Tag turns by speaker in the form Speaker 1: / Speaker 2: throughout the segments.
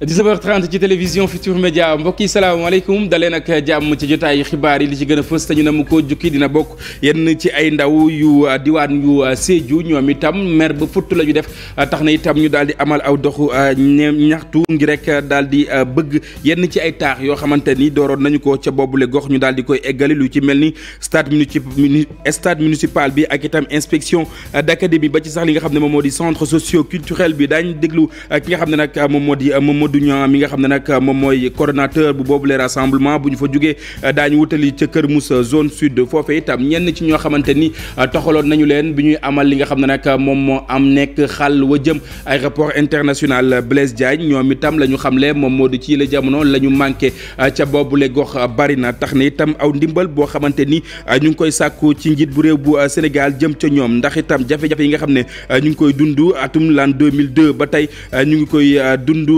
Speaker 1: 19 h ci télévision Futur Média mbokk yi salaamaaleykum daleen ak jàmm ci jotaayu xibaar yi li ci gën a fës te ñu ne mu ko jukki dina bokk yenn ci ay ndaw yu uh, diwaan yu uh, Sédhiou ñoom itam mer ba futt la ñu def uh, tax na itam ñu daal di amal aw doxu ñaxtu ngi rek daal di bëgg yenn ci ay taax yoo xamante ni dooroon nañu ko ca boobule gox ñu daal di koy eggali lu ci mel ni stade muni stade municipal bi ak itam inspection d'académie ba ci sax li nga xam ne moom moo di centre socio culturel bi daañu déglu ki nga xam ne nag moom moo di Mamadou Niang mi nga xam ne nag moom mooy coordonnateur bu boobu le rassemblement bu ñu fa jugee euh, daañu wutali ca Kër Moussa zone sud foofee itam ñenn ci ñoo xamante ni euh, toxaloon nañu leen bi ñuy amal li nga xam ne nag moom moo am nekk xàll wa jëm aéroport international Blaise Diagne ñoom itam la ñu xamle moom moo di ci la jamono la ñu manqué euh, boobu boobule gox bari na tax na itam aw ndimbal boo xamante ni ñu ngi koy sàkku ci njiit bu réew bu Sénégal jëm ca ñoom ndax itam jafe yi nga xam ne ñu ngi koy dund atum lan 2002 ba tey ñu ngi koy dund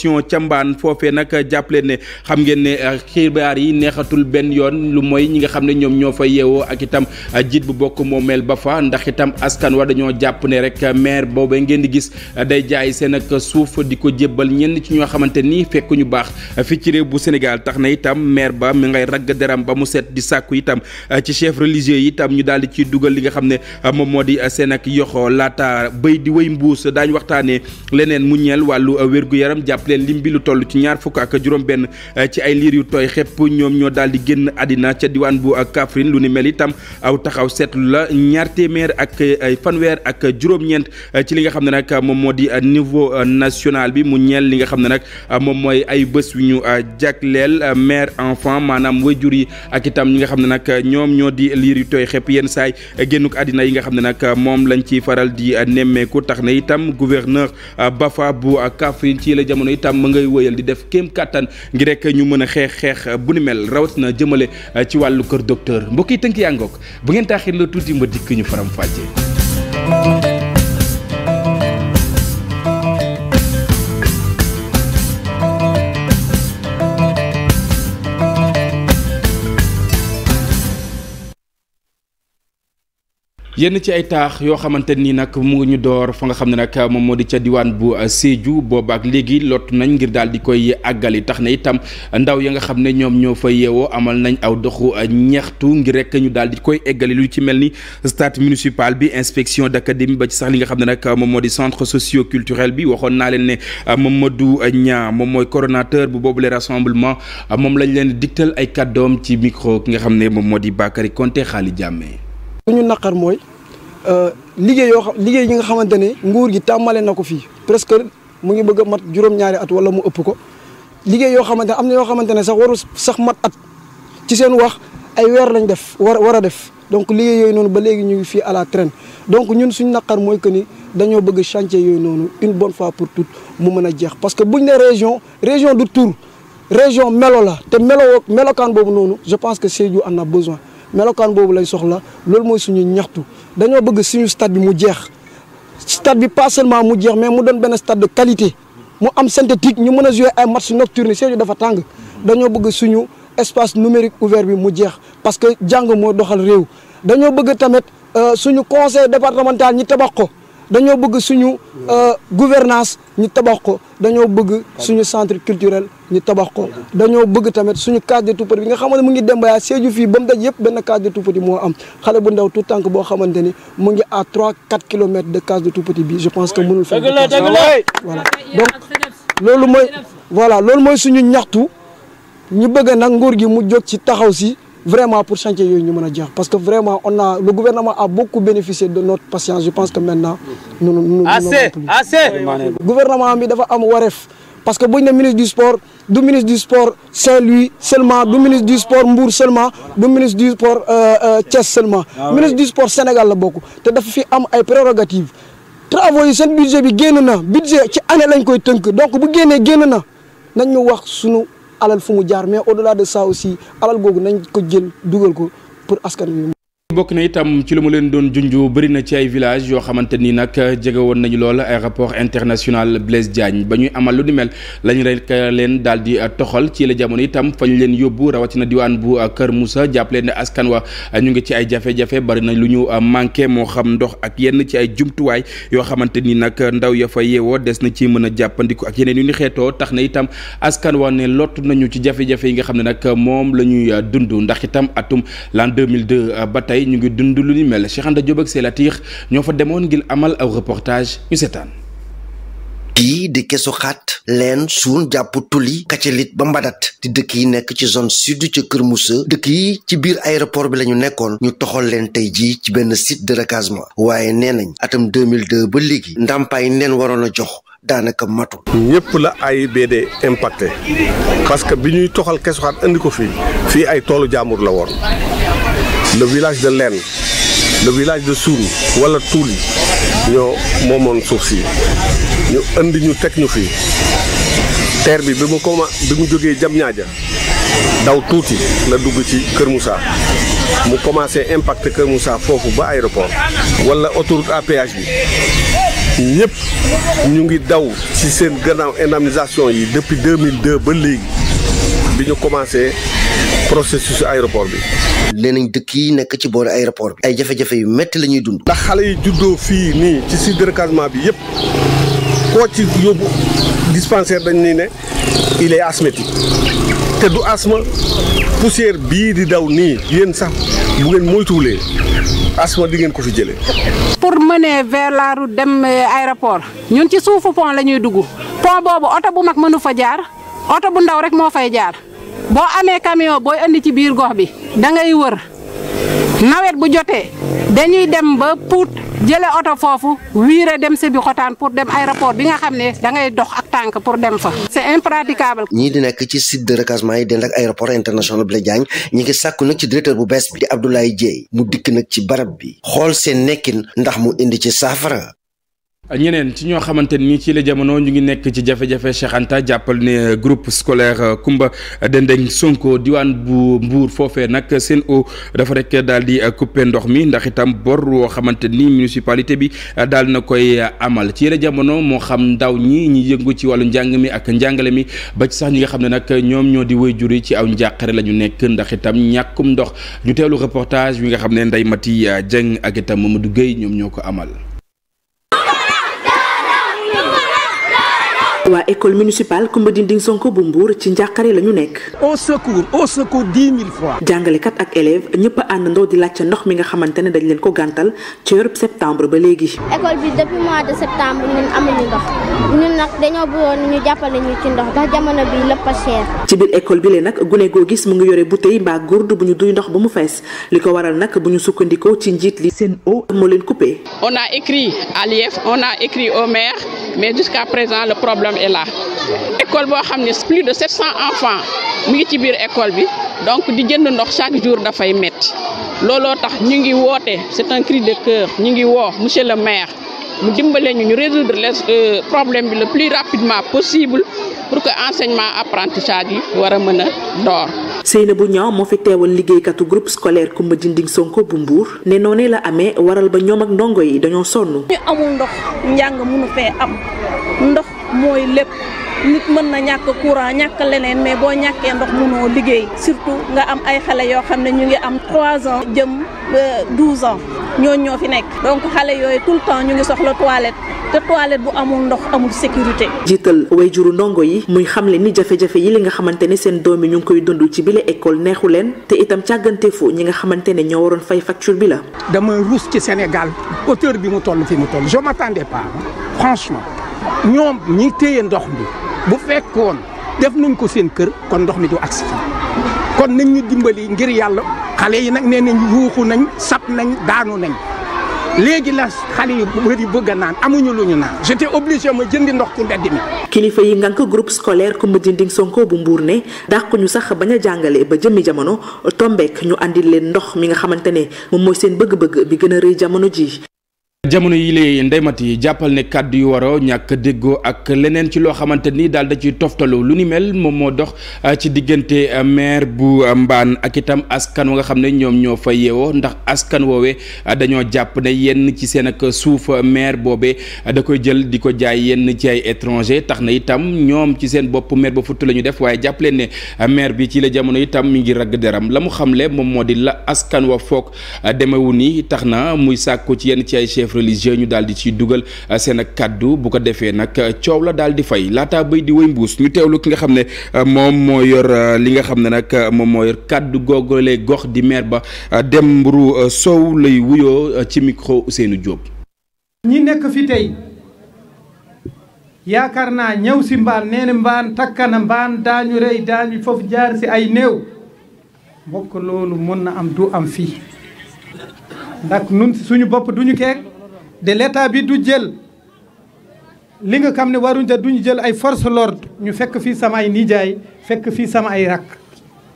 Speaker 1: section càmbaan foofee nag jàppale ne xam ngeen ne euh, xibaar yi neexatul benn yoon lu mooy ñi nga xam ne ñoom ñoo fa yeewoo ak itam euh, jiit bu bokk moomeel ba fa ndax itam askan wa dañoo jàpp ne rek euh, maire boobee ngeen di gis day jaay seen ak suuf di ko jébbal ñenn ci ñoo xamante ni fekkuñu baax fii ci réew bu Sénégal tax na itam maire ba mi ngay ragg deram ba mu set di sàkku itam ci chef religieux yi itam ñu daal di ciy dugal li nga xam ne moom moo di seen ak yoxo laata béy di wéy mbuus daañ waxtaanee leneen mu wàllu wér yaram jàpp leen lim bi lu toll ci ñaar fukk ak juróom-benn eh, ci ay liir yu tooy xepp ñoom ñoo daal di génn àddina ca diwaan bu eh, Kaffrine lu ni mel itam aw taxaw seetlu la ñaar téeméer ak ay eh, fanweer ak juróom-ñeent ci li nga xam ne nag moom moo di niveau national bi mu ñeel li nga xam ne nag moom mooy ay bës wi ñu jagleel mère enfant maanaam waajur yi ak itam ñi nga xam ne nag ñoom ñoo di liir yu tooy xepp yenn saay génnuk àddina yi nga xam ne nag moom lañ ci faral di nemmeeku tax na itam gouverneur Bafa bu Kaffrine ci la jamono itam mu ngay wëyal di def kéem kàttan ngir rek ñu mën a xeex xeex bu ni mel rawat na jëmale eh, ci wàllu kër docteur mbokki yi tënk yaa ngoog bu ngeen taaxir la tuuti ma dikk ñu faram fàccee yenn ci ay taax yoo xamante ni nag mu ngi ñu door fa nga xam ne nag moom moo di ca diwaan bu uh, Sédhiou boobaak léegi lott nañ ngir daal di koy àggali tax na itam ndaw ya nga xam ne ñoom ñoo fa yeewoo amal nañ aw doxu uh, ñeextu ngir rek ñu daal di koy eggali lu ci mel ni stade municipal bi inspection d'académie ba ci sax li nga xam ne nag moom moo di centre socio-culturel bi waxoon naa leen ne uh, Mamadou Niang moom mooy coordonnateur bu boobu les rassemblement moom lañ leen diktal ay kàddoom ci micro ki nga xam ne moom moo di Bakary Jàmme
Speaker 2: ñu naqar mooy euh, liggéey yoo xam liggéey yi nga xamante ne nguur gi tàmmale na ko fii presque mu ngi bëgg mat juróom-ñaari at wala mu ëpp ko liggéey yoo xamante am na yoo xamante ne sax waru sax mat at ci seen wax ay weer lañ def war war a def donc liggéey yooyu noonu ba léegi ñu ngi fii à la traîne donc ñun suñ naqar mooy que ni dañoo bëgg chantier yooyu noonu une bonne fois pour toutes mu mën a jeex parce que buñ ne région région du Tour région melo la te melo melokaan boobu noonu je pense que Sédhiou en a besoin melokaan boobu lañ soxla loolu mooy suñu ñaxtu dañoo bëgg suñu stade bi mu jeex stade bi pas mu jeex mais mu doon benn stade de qualité mu am synthétique ñu mën a jouer ay match nocturne seen dafa tàng dañoo bëgg suñu espace numérique ouvert bi mu jeex parce que jàng moo doxal réew dañoo bëgg tamit euh, suñu conseil départemental ñi tabax ko dañoo bëgg suñu euh, gouvernance ñu tabax ko dañoo bëgg suñu centre culturel ñu tabax ko dañoo bëgg tamit suñu case des tout-petits bi nga xamante mu ngi dembayaa Sédhiou fii ba mu daj yëpp benn case des tout-petits moo am xale bu ndaw tu tànk boo xamante ni mu ngi à trois quatre kilomètres de case des tout-petits bi je pense que mënul fa voilà donc loolu mooy voilà loolu mooy suñu ñaxtu ñu bëgg nag nguur gi mu jóg ci taxaw si vraiment pour chantier yooyu ñu mën a jeex parce que vraiment on a le gouvernement a beaucoup bénéficié de notre patience je pense que maintenant. nous nous assez assez gouvernement bi dafa am wareef. parce que buñ ne ministre du sport du ministre du sport Saint-Louis seulement du ministre du sport Mbour seulement du ministre du sport euh, euh, Thiès seulement. Ah ministre du sport Sénégal la bokk te dafa fi am ay prérogatives. travaux yi seen budget bi génn na budget ci année lañ koy tënk donc bu génnee génn na nañ ñu wax sunu. alal fu mu jaar mais au delà de ça aussi alal googu nañ ko jël dugal ko pour askan wi.
Speaker 1: bokk na itam ci lu mu leen doon junj barina ci ay village yoo xamante ni nag jege woon nañu lool aéroport international Blaise jaañ ba ñuy amal lu ni mel lañ rek leen daal di toxal ci la jamono itam fañ leen yóbbu rawatina diwaan bu Kër Moussa jàpp leen ne askan wa ñu ngi ci ay jafe-jafe bëri na lu ñu manqué moo xam ndox ak yenn ci ay jumtuwaay yoo xamante ni nag ndaw ya fa yeewoo des na ci mën a jàppandiku ak yeneen yu ni xeetoo tax na itam askan wa ne lott nañu ci jafe yi nga xam ne nag moom la ñuy dund ndax itam atum l'an 2002 ba tey tey ñu ngi dund lu ni mel Cheikh Anta Diop ak Sey Latir ñoo fa demoon ngir
Speaker 2: amal aw reportage ñu seetaan. kii di kesu xaat leen suun jàpp tuli kacalit ba mbadat di dëkk yi nekk ci zone sud ca Kër Moussa dëkk yi ci biir aéroport bi la ñu nekkoon ñu toxal leen tey jii ci benn site de recasement waaye nee nañ atam 2002 ba léegi ndàmpaay leen waroon a jox daanaka matul. ñëpp
Speaker 3: la AIBD impacté parce que bi ñuy toxal kesu xaat andi ko fii fii ay toolu jaamur la woon le village de Lenn le village de Suun wala Tuuli ñoo moomoon suuf si ñu indi ñu teg ñu fi terre bi bi mu commen bi mu jógee jam ñaaja daw tuuti la dugg ci Kër Moussa mu commencé impacté Kër Moussa foofu ba aéroport wala autoroute à bi ñëpp ñu ngi daw ci seen gannaaw indemnisation yi depuis 2002 ba léegi bi ñu commencé processus aéroport bi
Speaker 2: nee nañ dëkk yi nekk ci boori aéroport bi ay jafe-jafe yu métti la ñuy dund.
Speaker 3: ndax xale yi juddoo fii nii ci site de bi yëpp koo ci yóbbu dispensaire dañ ni ne il est asthmatique te du asthme poussière bii di daw nii yéen sax bu ngeen moytuwulee asthme di ngeen ko fi jëlee. pour mener vers
Speaker 4: la route dem euh, aéroport ñun ci suufu pont la ñuy dugg pont boobu oto bu mag mënu fa jaar oto bu ndaw rek moo fay jaar boo amee camion booy andi ci biir gox bi. da ngay wër nawet bu jotee dañuy dem ba Pout jële oto foofu wiire dem Sébikotane pour dem aéroport bi nga xam ne da ngay dox ak tànk pour dem fa c'est impraticable.
Speaker 2: ñii di nekk ci site de recasement yi dend ak aéroport international Blaise Diagne ñi ngi sàkku nag ci directeur bu bees bi di Abdoulaye Dieye mu dikk nag ci barab bi xool seen nekkin ndax mu indi ci saafara.
Speaker 1: ñeneen ci ñoo xamante ni ci la jamono ñu ngi nekk ci jafe-jafe Cheikh Anta jàppal ne euh, groupe scolaire Kumba euh, Dendeng Sonko diwaan bu Mbour foofee nag seen eau dafa rek daal di euh, couper ndox mi ndax itam bor woo xamante ni municipalité bi daal na koy amal ci la jamono moo xam ndaw ñi ñi yëngu ci wàllu njàng mi ak njàngale mi ba ci sax ñi nga xam ne nag ñoom ñoo di wéy juri ci aw njàqare la ñu nekk ndax itam ñàkkum ndox ñu teelu reportage bi nga xam ne Ndeye Mati Dieng ak itam Mamadou Guèye ñoom ñoo ko amal.
Speaker 5: waa école municipale Coumba Dinding Sonko bu Mbour ci njàqare la ñu nekk. au secours au secours dix mille fois. jàngalekat ak élèves ñëpp a àndandoo di laajte ndox mi nga xamante ne dañ leen ko gàntal ci weeru septembre ba léegi. école bi depuis mois de septembre ñun amuñu ndox ñun nag dañoo bëggoon ñu jàppale ñu ci ndox ndax jamono
Speaker 4: bi lépp
Speaker 5: ci biir école bi le nag gune goo gis mu ngi yore bouteille mbaa gourde bu ñu duy ndox ba mu fees li ko waral nag bu ñu sukkandikoo ci njiit li seen eau moo leen
Speaker 4: est là école boo xam ne plus de 700 enfants mu ngi ci biir école bi donc di jënd ndox chaque jour dafay metti looloo tax ñu ngi woote c'est un cri de cœur ñu ngi woo monsieur le maire mu dimbale ñu ñu résoudre les euh, problème bi le plus rapidement possible pour que enseignement apprentissage yi war a mën a door.
Speaker 5: bu Niang moo fi teewal liggéeykatu groupe scolaire Coumba Dinding Sonko bu Mbour ne noonee amee waral ba ñoom ak ndongo yi dañoo sonn. ñu amul ndox njàng mooy lépp nit mën na ñàkk courant ñàkk leneen mais boo ñàkkee ndox mënoo liggéey surtout nga am ay xale yoo xam ne ñu ngi am 3 ans jëm 12 euh, ans ñooñ ñoo fi nekk donc xale yooyu tout le temps ñu ngi soxla toilette te bu amul ndox amul sécurité. jiital wayjuru ndongo yi muy xamle ni jafe yi li nga xamante ne seen doom yi ñu ngi koy dund ci bile école neexu leen te itam càgganteefu ñi nga xamante ne ñoo waroon fay facture bi la. dama rus ci Sénégal hauteur bi mu toll fi mu toll
Speaker 6: je m'attendais pas franchement. ñoom ñii téye ndox mi bu fekkoon def nañ ko seen kër kon ndox mi du agsi kon nañ ñu dimbali ngir yàlla xale yi nag nee nañ yuuxu nañ sab nañ daanu nañ léegi la xale yi bëri bëgg a naan amuñu lu ñu naan j'étais obligé ma jëndi ndox ku mbedd mi. kilifa yi ngan ngànk groupe scolaire
Speaker 5: comme Dinding Sonko bu Mbuur ne dàq ñu sax bañ a jàngale ba jëmmi jamono tombeek ñu andil leen ndox mi nga xamante ne moom mooy seen bëgg-bëgg bi gën a rëy jamono jii
Speaker 1: jamono yi lay ndeymat yi jàppal ne kàddu yu waro ñàkk déggoo ak leneen ci loo xamante ni daal da ci toftalu lu ni mel moom moo dox ah, ci diggante ah, maire bu ah, mbaan ak itam askan wa nga xam ne ñoom ñoo fa yeewoo ndax askan woowee dañoo jàpp ne yenn ci seen ak suufa maire boobee da koy jël di ko jaay yenn ci ay étranger tax na itam ñoom ci seen bopp maire ba futt la ñu def waaye jàpp leen ne maire bi ci la jamono itam mi ngi ragg deram la mu xamle moom moo di la askan wa foog demewu ni tax na muy sàkku ci yenn ci ay chef chef religieux ñu daal di ciy dugal euh, seen ak kàddu bu ko defee nag euh, coow la daal di fay laataa béy di wëy mbuus ñu teewlu ki nga xam ne euh, moom moo yor li nga xam ne nag moom moo yor kàddu googale gox di maire ba dem mburu Sow lay wuyoo ci micro Ousseynou Diop.
Speaker 6: ñi nekk fi tey yaakaar naa ñëw si mbaan nee na mbaan takkana mbaan daañu rey daañu foofu jaar si ay néew mbokk loolu mën na am du am fii ndax nun suñu bopp duñu keek de l'état bi du jël li nga xam ne waruñ te duñu jël ay force l'ordre ñu fekk fii sama ay nijaay fekk fii sama ay rakk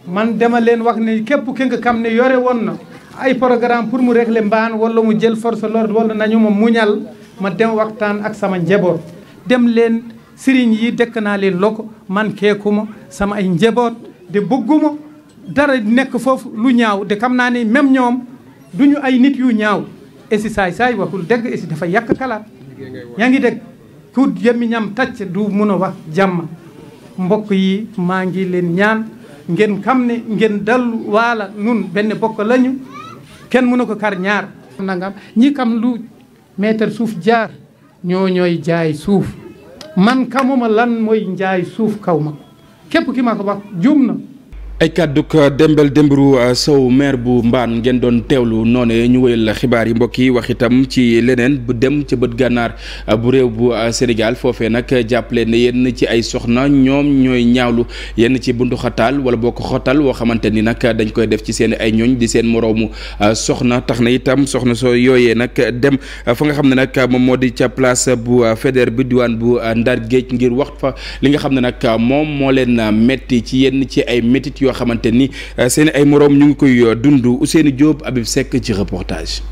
Speaker 6: man dama leen wax ne képp ki nga xam ne yore woon na ay programme pour mu régler mbaan wala mu jël force l'ordre wala nañu ma muñal ma dem waxtaan ak sama njeboot dem leen sëriñ yi dëkk naa leen loko man keekuma sama ay njaboot de bëgguma dara nekk foofu lu ñaaw de xam naa ne même ñoom duñu ay nit yu ñaaw esi saay saay waxul dëgg esi dafa yàkk kalaat yaa ngi dégg ku yemmi ñam tàcc du mun a wax jàmm mbokk yi maa ngi leen ñaan ngeen xam ne ngeen dallu waala nun benn bokk lañu kenn mënu ko kar ñaar nangam ñi kam lu mètre suuf jaar ñoo ñooy jaay suuf man xamuma lan mooy njaay suuf kaw ma képp ki ma ko wax jum na
Speaker 1: ay kàdduk euh, dembel démbiru euh, sow maire bu mbaan ngeen doon teewlu noone ñu wéyal xibaar yi mbokk yi wax itam ci leneen bu dem ci bët gànnaar euh, bu réew bu Sénégal foofee nag jàppale ne yenn ci ay soxna ñoom ñooy ñaawlu yenn ci buntu xataal wala boo ko xotal woo xamante ni nag dañ koy def ci seen ay ñooñ di seen moroomu soxna tax na itam soxna soo yooyee nag dem fa nga xam ne nag moom moo di ca bu fédère bi diwaan bu Ndar Géej ngir wax fa li nga xam ne nag moom moo leen metti ci yenn ci ay métit yoo xamante ni euh, seen ay moroom ñu ngi koy euh, dund Ousseynou jóob Habib Seck ci reportage.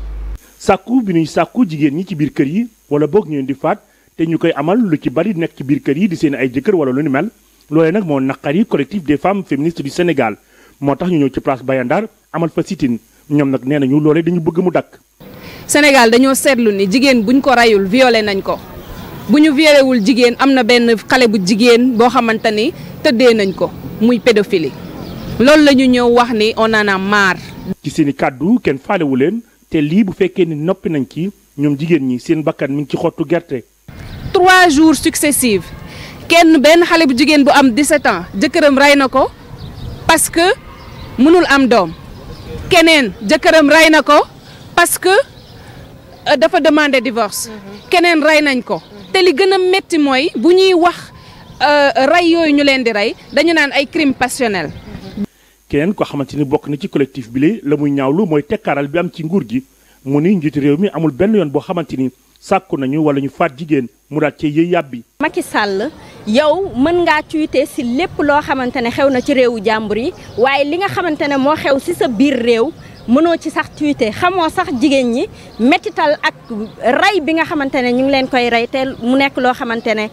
Speaker 1: sàkku bi ñuy sàkku jigéen ñi ci biir kër yi
Speaker 7: wala boog ñu di faat te ñu koy amal lu ci bari nekk ci biir kër yi di seen ay jëkkër wala lu ni mel loolee nag moo naqari collectif des femmes féministes du Sénégal moo tax ñu ñëw ci place Bayandar amal fa sitin ñoom nag nee nañu loole dañu bëgg mu dakk
Speaker 4: Sénégal dañoo seetlu ni jigéen buñ ko reyul violé nañ ko bu ñu violé wul jigéen am na benn xale bu jigéen boo xamante ni tëddee nañ ko muy pédophilie
Speaker 7: loolu la ñu ñëw wax ni on en a marre. ci seen kàddu kenn faalewu leen te lii bu fekkee ni noppi nañ ci ñoom jigéen ñi seen bakkan mi ngi ci xottu gerte.
Speaker 4: trois jours successifs kenn benn xale bu jigéen bu am 17 ans jëkkëram rey na ko parce que mënul am doom keneen jëkkëram rey na ko parce que euh, dafa demander divorce mhm. keneen rey nañ ko te li gën a métti mooy bu ñuy wax euh, rey yooyu ñu leen di rey dañu naan ay crime passionnel
Speaker 7: keneen ko xamante ni bokk na ci collectif bi li la muy ñaawlu mooy tekkaaral bi am ci nguur gi mu ni njiitu réew mi amul benn yoon boo xamante ni sàkku nañu wala ñu faat jigéen mu daat cee yëy yàbbi.
Speaker 5: Macky Sall yow mën ngaa tuite si lépp loo xamante ne xew na ci réewu jàmbur yi waaye li nga xamante ne moo xew si sa biir réew mënoo ci sax tuite xamoo sax jigéen ñi métital ak rey bi nga xamante ne ñu ngi leen koy rey te mu nekk loo xamante ne.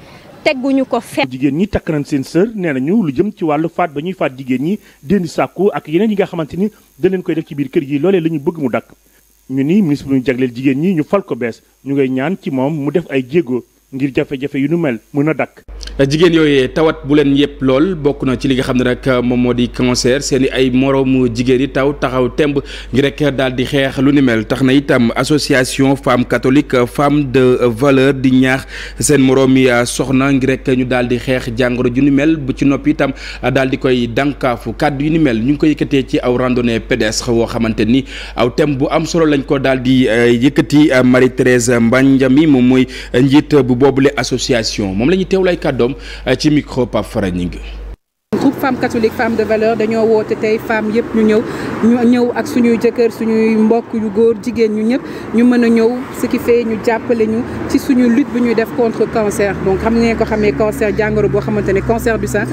Speaker 5: tegguñu ko fe
Speaker 7: jigéen ñi takk nañ seen sër nee nañu lu jëm ci wàllu faat ba ñuy faat jigéen ñi déndi sàkku ak yeneen yi nga xamante ni daleen koy def ci biir kër yi loolee lañu bëgg mu dakk ñu ni ministre bu ñu jagleel jigéen ñi ñu fal ko bees ñu ngay ñaan ci moom mu def ay jéego ngir jafe-jafe yu nu mel mën a dakk
Speaker 1: jigéen yooyee tawat bu leen yëpp lool bokk na ci li nga xam ne nag moom moo di cancer seen i ay moroomu jigéen yi taw taxaw temb ngi rek daal di xeex lu ni mel tax na itam association femme catholique femme de valeur di ñaax seen moroom yi soxna ngi rek ñu daal di xeex jàngoro ju ni mel bu ci noppi itam daal di koy dànkaafu kàddu yu ni mel ñu ngi ko yëkkatee ci aw randonnée pédestre woo xamante ni aw thème bu am solo lañ ko daal di eh, yëkkati Marie Thérèse Mbanjami moom mooy njiit boobule association moom la ñuy teewlay kàddoom euh, ci micro Pape Farañing
Speaker 4: groupe femme catholique femme de valeur dañoo woote tey femme yëpp ñu ñëw ñu ñëw ak suñuy jëkkër suñuy mbokk yu góor jigéen ñu ñëpp ñu mën a ñëw ce qui ñu jàppale ñu ci suñu lutte bu ñuy def contre cancer donc xam ngeen ko xamee cancer jàngoro boo xamante ne cancer bi sein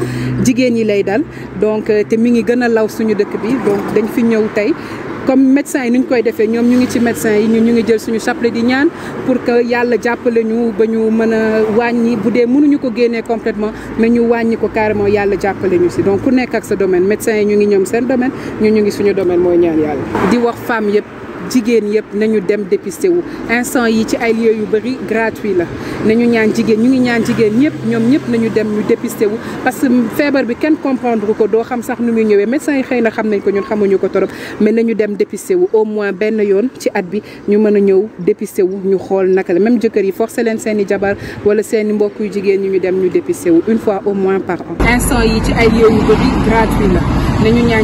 Speaker 4: jigéen ñi lay dal donc euh, te mi ngi gën a law suñu dëkk bi donc dañ fi ñëw tey comme médecin yi nu ñu koy defee ñoom ñu ngi ci médecin yi ñun ñu ngi jël suñu chapelet di ñaan pour que yàlla jàppale ñu ba ñu mën a wàññi bu dee mënuñu ko génnee complètement mais ñu wàññi ko carrément yàlla jàppale ñu si donc ku nekk ak sa domaine médecin yi ñu ngi ñoom seen domaine ñun ñu ngi suñu domaine mooy ñaan yàlla di wax femme yëpp jigéen yëpp nañu dem dépisté wu instant yi ci ay lieu yu bëri gratuit la nañu ñaan jigéen ñu ngi ñaan jigéen ñëpp ñoom ñëpp nañu dem ñu dépisté wu parce que feebar bi kenn comprendre ko doo xam sax nu muy ñëwee médecin yi xëy na xam nañ ko ñun xamuñu ko torop mais nañu dem dépisté wu au moins benn yoon ci at bi ñu mën a ñëw dépisté wu ñu xool naka la même jëkkër yi forcé leen seen i jabar wala seen mbokk yu jigéen ñi ñu dem ñu dépisté wu une fois au moins par an yi ci ay la nañu ñaan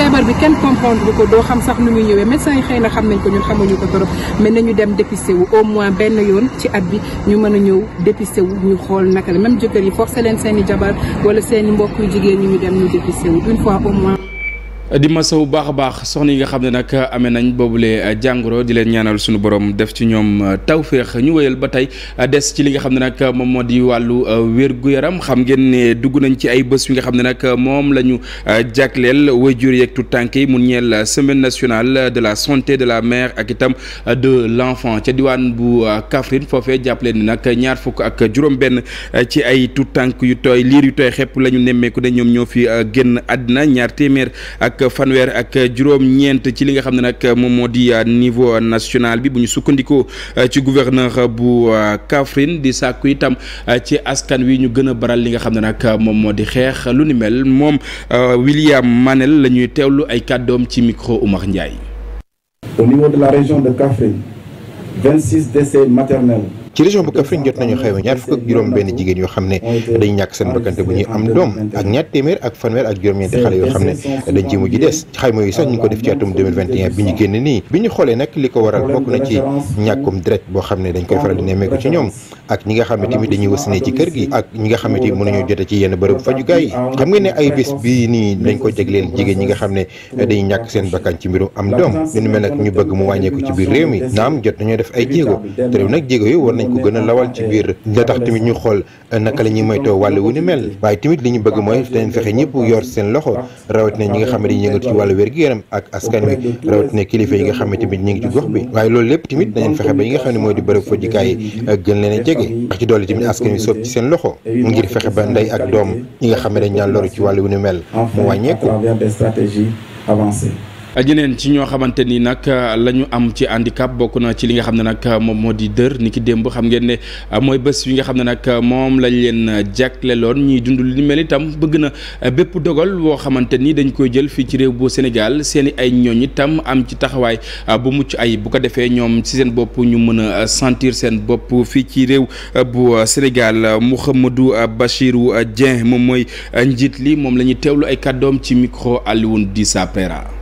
Speaker 4: feebar bi kenn comprendre bu ko doo xam sax nu muy ñëwee médecin yi xëy na xam nañ ko ñun xamuñu ko trop mais nañu dem dépister wu au moins benn yoon ci at bi ñu mën a ñëw dépister wu ñu xool naka la même jëkkër yi forcé leen seen i jabar wala seeni i mbokk yu jigéen ñi ñu dem ñu dépister wu une fois au
Speaker 1: di masawu baax a baax soxna yi nga xam ne nag amee nañ boobule euh, jàngoro di leen ñaanal suñu borom def ci ñoom euh, tawféex ñu wéyal ba tey euh, des ci li nga xam ne nag moom moo di wàllu wér-gu-yaram xam ngeen ne dugg nañ ci ay bés yi nga xam ne nag moom la ñu jagleel waajur yeeg tout tànk yi mu ñeel semaine nationale de la santé de la mère ak itam de l'enfant ca diwaan bu Kaffrine foofee jàppale ni nag ñaar fukk ak juróom-benn ci ay tout tànk yu tooy liir yu tooy xepp la ñu nemmeeku ne ñoom ñoo fi génn àddina ñaar téeméer ak ak fanweer ak juróom-ñeent ci li nga xam ne nag moom moo di euh, niveau national bi bu ñu sukkandikoo euh, ci gouverneur bu euh, Kaffrine di sàkku itam ci askan wi ñu gën a baral li nga xam ne nag moom moo di xeex lu ni mel moom William Manel la ñuy teewlu ay kàddoom ci micro Oumar Ndiaye.
Speaker 8: Au niveau de la région de Kaffrine, 26 décès ci région bu Kaffrine jot nañu xayma ñaar fukk ak juróom benn jigéen yoo xam ne dañ ñàkk seen bakkante bu ñuy am doom ak ñaar téeméer xam ne dañ ci mujj des xayma yi sax ñu ngi ko def ci atum 2021 bi ñu génn nii bi ñu xoolee xam ne dañ koy faral di nemmeeku ci ñoom ak ñi nga xam ne tamit dañuy wasinee ci kër gi ak jote ci yenn bërëb fajukaay yi xam ngeen ne ay bés bii nii dañ ko jagleel jigéen ñi nga xam ne dañuy ñàkk seen bakkan ci mbirum am doom ñu mel nag ñu bëgg mu wàññeeku ci biir réew mi naam jot nañoo def ay jéego te nag jéego yi nañ ko gën a lawal ci biir da tax tamit ñu xool naka la ñuy wàll wu ni mel waaye tamit li ñu bëgg mooy dañ fexe ñëpp yor seen loxo rawatina ñi nga xam ne dañuy yëngatu ci wàllu wér gi yaram ak askan wi rawatina kilifa yi nga xam ne tamit ñi ngi ci gox bi waaye loolu lépp tamit dañu fexe ba yi nga xam ne mooy di bërëb fajukaay gën leen a jege wax ci doole tamit askan wi soob ci seen loxo ngir fexe ba ndey ak doom ñi nga xam ne dañ daan loru ci wàll wu ni mel mu wàññeeku
Speaker 1: ñeneen ci ñoo xamante ni nag euh, la ñu am ci handicap bokk na ci li nga xam ne nag moom moo di dër niki ki démb xam ngeen ne euh, mooy bés yi nga xam ne nag euh, moom lañ leen jagleeloon ñuy dund li mel itam bëgg na bépp dogal woo xamante ni dañ koy jël fii ci réew bu Sénégal seen i ay ñooñ itam am ci taxawaay bu mucc ay bu ko defee ñoom ci seen bopp ñu mën a sentir seen bopp fii ci réew bu Sénégal Mouhamadou Bachirou Dieng moom mooy njiit li moom la ñuy teewlu ay kàddoom ci micro Alioune Dissa Pera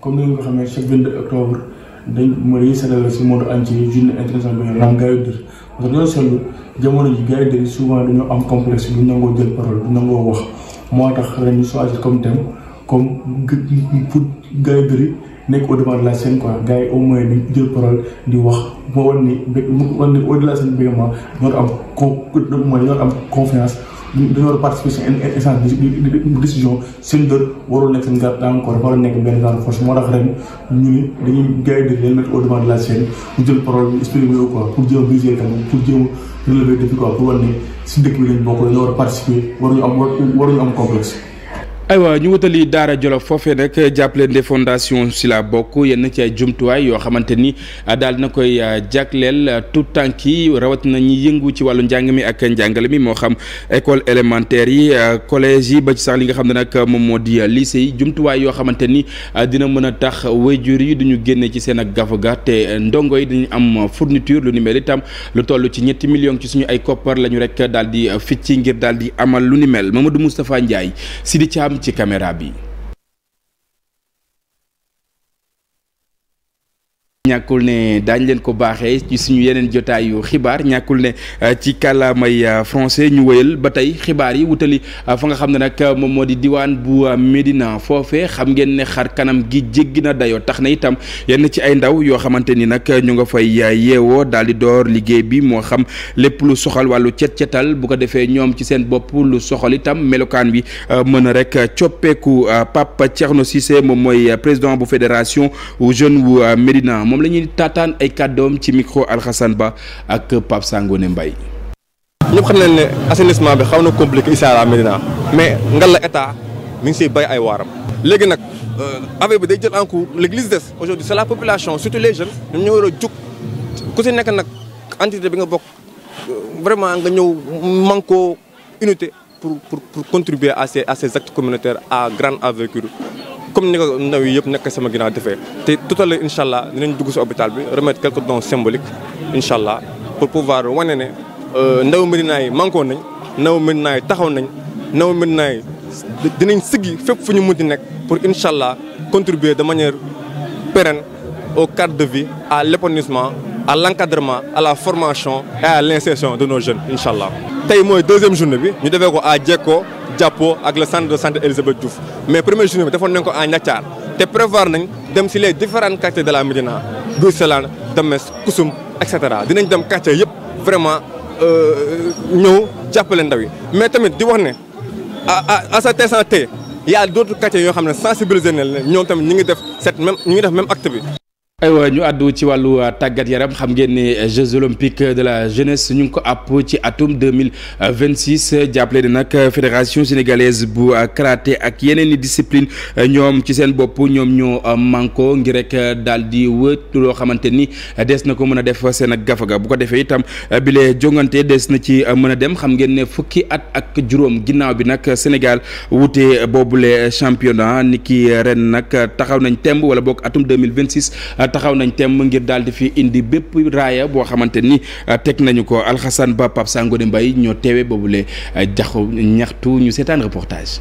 Speaker 3: comme ni nga xamee chaque 22 octobre dañ mooy dañuy séddale si monde entier journée internationale bi maanaam gars yu dër parce que dañoo seetlu jamono ji gars yu dër souvent dañoo am complexe du nangoo jël parole du nangoo wax moo tax ren ñu choisir comme thème comme pour gars yu dër nekk au devant de la scène quoi gars yi au moins di jël parole di wax moo wan ni bé wan ni au delà seen bégement ñoo am con mooy ñoo am confiance. dañoo war a participer si instance de décision seen dër warul nekk seen garde encore war a nekk benn grande force moo tax ren ñu dañuy gars leen mettre au la scène ñu jël parole exprimer wu quoi pour jéem a briser tamit pour jéem a relever défi quoi pour wane ne si dëkk bi lañ bokk dañoo war a participer waruñu am waruñu am aywa ñu
Speaker 1: wutali Daara foofe foofee nag jàppalante fondation si la bokk yenn ci ay jumtuwaay yoo xamante ni ah, daal na koy ah, jagleel ah, tout tànk yi rawatina ñi yëngu ci wàllu njàng mi ak njàngale mi moo xam école élémentaire yi collège yi ba sax li nga xam ne nag moom moo di lycée jumtuwaay yoo xamante ni dina mën a tax waajur yi duñu génne ci seen ak gafaga te ndongo yi dañu am fourniture lu ni mel itam lu toll ci ñetti millions ci suñu ay koppar lañu ñu rek daal di ci ngir daal di amal lu ni mel Mamadou Moustapha Ndiaye Sidi Thiam ci caméra bi ñàkkul ne daañ leen ko baaxee ci suñu yeneen jotaayu xibaar ñàkkul ne euh, ci kàllaamay euh, français ñu wëyal ba tey xibaar yi wutali euh, fa nga xam ne nag moom moo di diwaan bu Médina foofee xam ngeen ne xar kanam gi jéggi na dayoo tax na itam yenn ci ay ndaw yoo xamante ni nag ñu nga fay yeewoo daal di door liggéey bi moo xam lépp lu soxal wàllu cet-cetal bu ko defee ñoom ci seen bopp lu soxal itam melokaan wi mën a rek coppeeku Pape Thierno moom mooy président bu fédération jeune wu Médina moom la ñuy taataan ay doom ci micro Alxasan Ba ak Pape ni Mbaye
Speaker 9: ñëpp xam nañ ne assainissement bi xaw na compliqué ici à la Médina mais ngal la état mi ngi siy bay ay waaram. léegi nag euh, affaire bi day jël en cours l'église des aujourd'hui c'est la population surtout les jeunes ñoom ñoo war a jug ku si nekk nag entité bi nga bokk euh, vraiment nga ñëw ko unité pour pour pour contribuer à ces à ces actes communautaires à grande envergure comme ni ko ndaw yi yëpp nekk sama ginnaaw defee te tout à l'heure incha allah dinañ dugg si hôpital bi remettre quelques dons symboliques incha allah pour pouvoir wane ne euh, ndaw Médina yi manqué nañ ndaw Médina yi taxaw nañ ndaw Médina yi dinañ siggi fépp fu ñu munti nekk pour incha allah contribuer de manière pérenne au cadre de vie à l'épanouissement à l'encadrement à la formation e à l'insertion de no jeunes incha allah. tey mooy deuxième journée bi ñu defee ko à Diecko jàppoo ak le centre de santé Elisabeth Diouf mais première journée bi defoon nañ ko à Niakhar te prévoir nañ dem si les différents quartiers de la Médina Guy Selaan Dames Kusum et cetera dinañ dem quartier yëpp vraiment euh, ñëw jàppale ndaw yi mais tamit di wax ne a à sa santé y a d'autres quartiers yoo xam ne sensibiliser nañ leen ñoom tamit ñu ngi def set même ñu ngi def même acte bi. aywa ñu àddu
Speaker 1: ci wàllu euh, tàggat yaram xam ngeen ne euh, Jeux olympiques euh, de la jeunesse ñu ngi ko àpp ci atum deux mille vingt six jàppale ne nag fédération sénégalaise bu karaté ak yeneen i discipline ñoom ci seen bopp ñoom ñoo manko ngi rek daal di wët loo xamante ni des na ko mën a def seen ak gafaga bu ko defee itam bile jongante des na ci mën a dem xam ngeen ne fukki at ak juróom ginnaaw bi nag Sénégal wuute boobule championnat nit ki ren nag taxaw nañ temb wala boog atum deux mille vingt six taxaw nañ temm ngir daal di fi indi bépp raaya boo xamante ni euh, teg nañu ko Alxasan Ba Pape Sangone Mbaye ñoo teewe boobule euh, jaxu ñaxtu ñu seetaan reportage.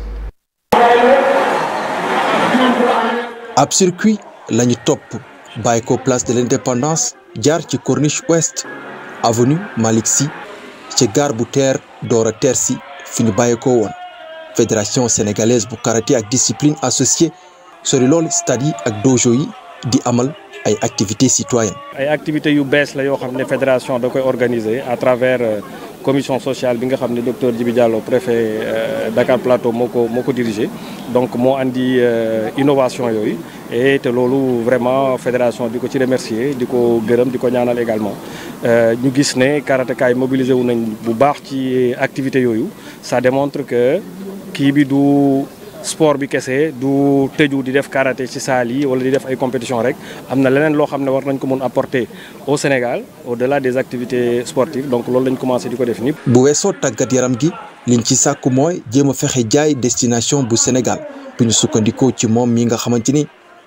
Speaker 10: ab circuit lañu topp bàyyi ko place de l'indépendance jaar ci corniche ouest avenue Malick si ci gare bu teer door a teer si fi ñu bàyyi ko woon fédération sénégalaise bu karaté ak discipline associée sori lool stade yi ak dojo yi di amal ay activités citoyennes. ay activités yu bees la yoo xam ne fédération da koy organiser à travers euh, commission sociale bi nga xam ne docteur Djibi Diallo préfet euh, Dakar Plateau moo ko moo ko dirigé donc moo andi euh, innovation yooyu et te loolu vraiment fédération di ko ci remercier di ko gërëm di ko ñaanal également ñu gis ne karatekaay mobilisé wu nañ bu baax ci activités yooyu ça démontre que kii bi du. sport bi kese du tëju di def karaté ci saal yi wala di def ay compétition rek am na leneen loo xam ne war nañ ko mën apporter au Sénégal au delà des activités sportives donc loolu lañ commencé di ko def nii. bu weesoo tàggat yaram gi liñ ci sàkku mooy jéem a fexe jaay destination bu Sénégal bu ñu sukkandikoo ci moom mi nga xamante ni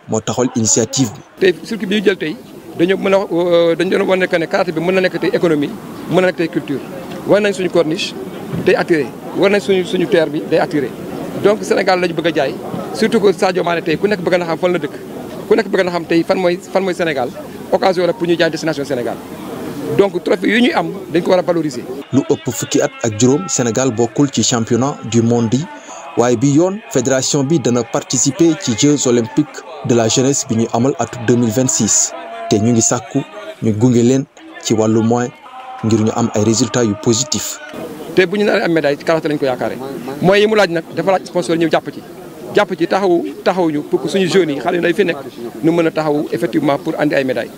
Speaker 10: moo taxal initiative bi.
Speaker 9: tey bi ñu jël tey dañoo mën a dañu doon wane que ne karaté bi mën na nekk tey économie mën na nekk tey culture war nañ suñu corniche day attiré war suñu suñu terre bi day attiré. donc Sénégal lañu bëgg a jaay surtout que Sadio Mané tey ku nekk bëgg na xam fan la dëkk ku nekk bëgg na xam tey fan mooy fan mooy Sénégal occasion la pour ñu jaay destination Sénégal donc trophée yu ñuy am dañ ko war a valoriser.
Speaker 10: lu ëpp fukki at ak juróom Sénégal bokkul ci championnat du monde yi waaye bi yoon fédération bi dana participer ci Jeux olympiques de la jeunesse bi ñu amal at 2026 te ñu ngi sàkku ñu gunge leen ci wàllu moyen ngir ñu am ay résultats yu positif
Speaker 9: te bu ñu nee am médaille ci karaté lañ ko yaakaare mooy yi mu laaj nag dafa laaj sponsor ñëw jàpp ci jàpp ci taxawu taxaw ñu pour que suñu jeunes yi xale yi lay fi nekk ñu mën a taxawu effectivement pour andi ay médailles.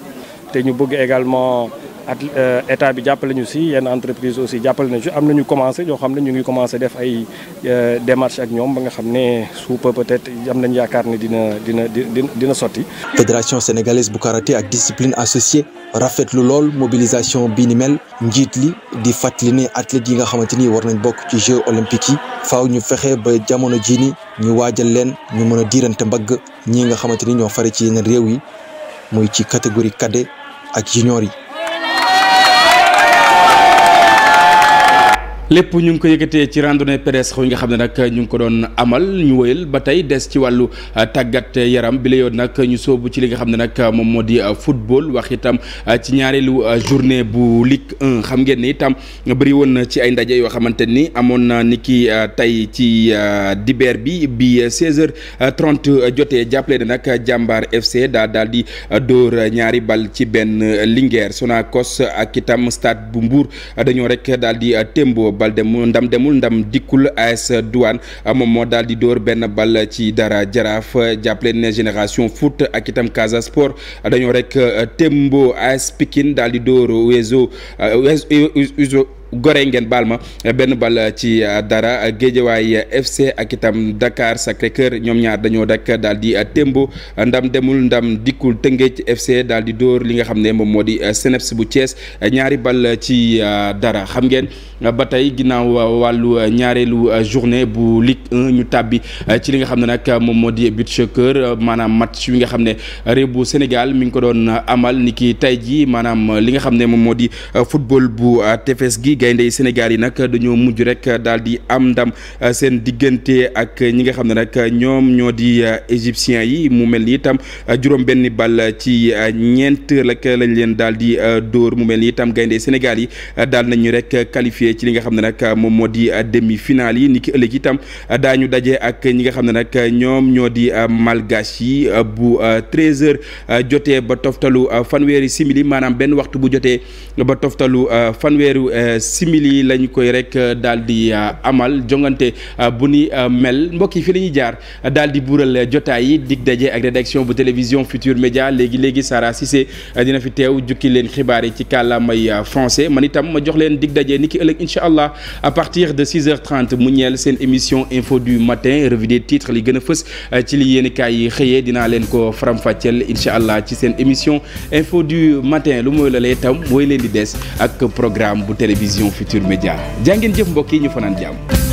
Speaker 10: te ñu bëgg également ak euh, état bi jàppale ñu si yenn entreprise aussi jàppale nañu si am nañu commencé ñoo xam ne ñu ngi commencé def ay euh, démarche ak ñoom ba nga xam ne suupa peut-être am nañu yaakaar ne dina dina dina dina sotti. fédération sénégalaise bu karaté ak discipline associée rafetlu lool mobilisation bii ni mel njiit li di fàttali ne athlètes yi nga xamante ni war nañ bokk ci jeux olympiques yi faw ñu fexe ba jamono jii ni ñu waajal leen ñu mën a diirante mbagg ñii nga xamante ni ñoo fare ci yeneen réew yi muy ci catégorie cadet ak junior yi.
Speaker 1: lépp ñu ngi ko yëkkatee ci randonnée pédestre yi nga xam ne nag ñu ngi ko doon amal ñu wëyal ba tey des ci wàllu euh, tàggat yaram bi la yoon nag ñu soobu ci li nga xam ne nag moom moo di euh, football wax itam euh, ci ñaareelu journée bu Ligue 1 xam ngeen ni itam bëri woon na ci ay ndaje yoo xamante ni amoon na ni ki tey ci dibeer bi bi 16h30 jotee jàppale ne nag jàmbaar FC daa daal di dóor ñaari bal ci benn Linguère Sonacos ak itam stade bu mbuur dañoo rek daal di témboo bal demul ndam demul ndam dikkul AS Douane moom moo daal di dóor benn bal ci dara jaraaf jàppale ne génération foot ak itam Casa Sport dañoo rek euh, tembo AS Pikine daal di dóor Ouezo Ouezo euh, gore ngeen baal ma benn bal ci euh, dara Géejawaay euh, FC ak itam Dakar Sacré-Cœur ñoom ñaar dañoo dak daal di euh, témbo ndam demul ndam dikkul Tëngéej FC daal di dóor li nga xam ne moom moo di CNEPS bu Thiès ñaari bal ci dara xam ngeen ba tey ginnaaw wàllu ñaareelu journée bu Ligue ñu tàbbi ci li nga xam ne nag moom moo di but choqueur maanaam match yi nga xam ne réew bu Sénégal mi ngi ko doon amal ni ki tey ji maanaam li nga xam ne moom moo di football bu tefes gi gaynde yi Sénégal yi nag dañoo mujj rek daal di am ndam euh, seen diggante ak ñi nga xam ne nag ñoom ñoo di euh, égyptiens yi mu mel ni itam euh, juróom benn bal ci ñeent rek lañ leen daal di dóor mu mel ni itam gaynde Sénégal yi daal nañu rek qualifié ci li nga xam ne nag moom moo di demi finale yi ni ki ëllëg daañu daje ak ñi nga xam ne nag ñoom ñoo di malgache yi bu 13h jotee ba toftalu fanweeri simili maanaam benn waxtu bu jotee ba toftalu fanweeru simili lañ koy rek euh, daal di euh, amal jongante euh, bu ni mel mbokki fi fii la ñuy jaar daal di buural jotaay yi dig daje ak rédaction bu télévision future Média léegi léegi Sara Cissé dina fi teew jukki leen xibaar yi ci kàllaamay français man itam ma jox leen dig daje ni ki ëllëg incha allah à partir de 6h30 mu ñeel seen émission info du matin revue des li gën a fës ci li yéen kaay yi xëyee dinaa leen ko faram-fàcceel incha allah ci seen émission info du matin lu mooy la lay leen di des ak programme bu télévision. télévision Futur Média jaa ngeen jëf mbokk yi ñu fanaan jàmm.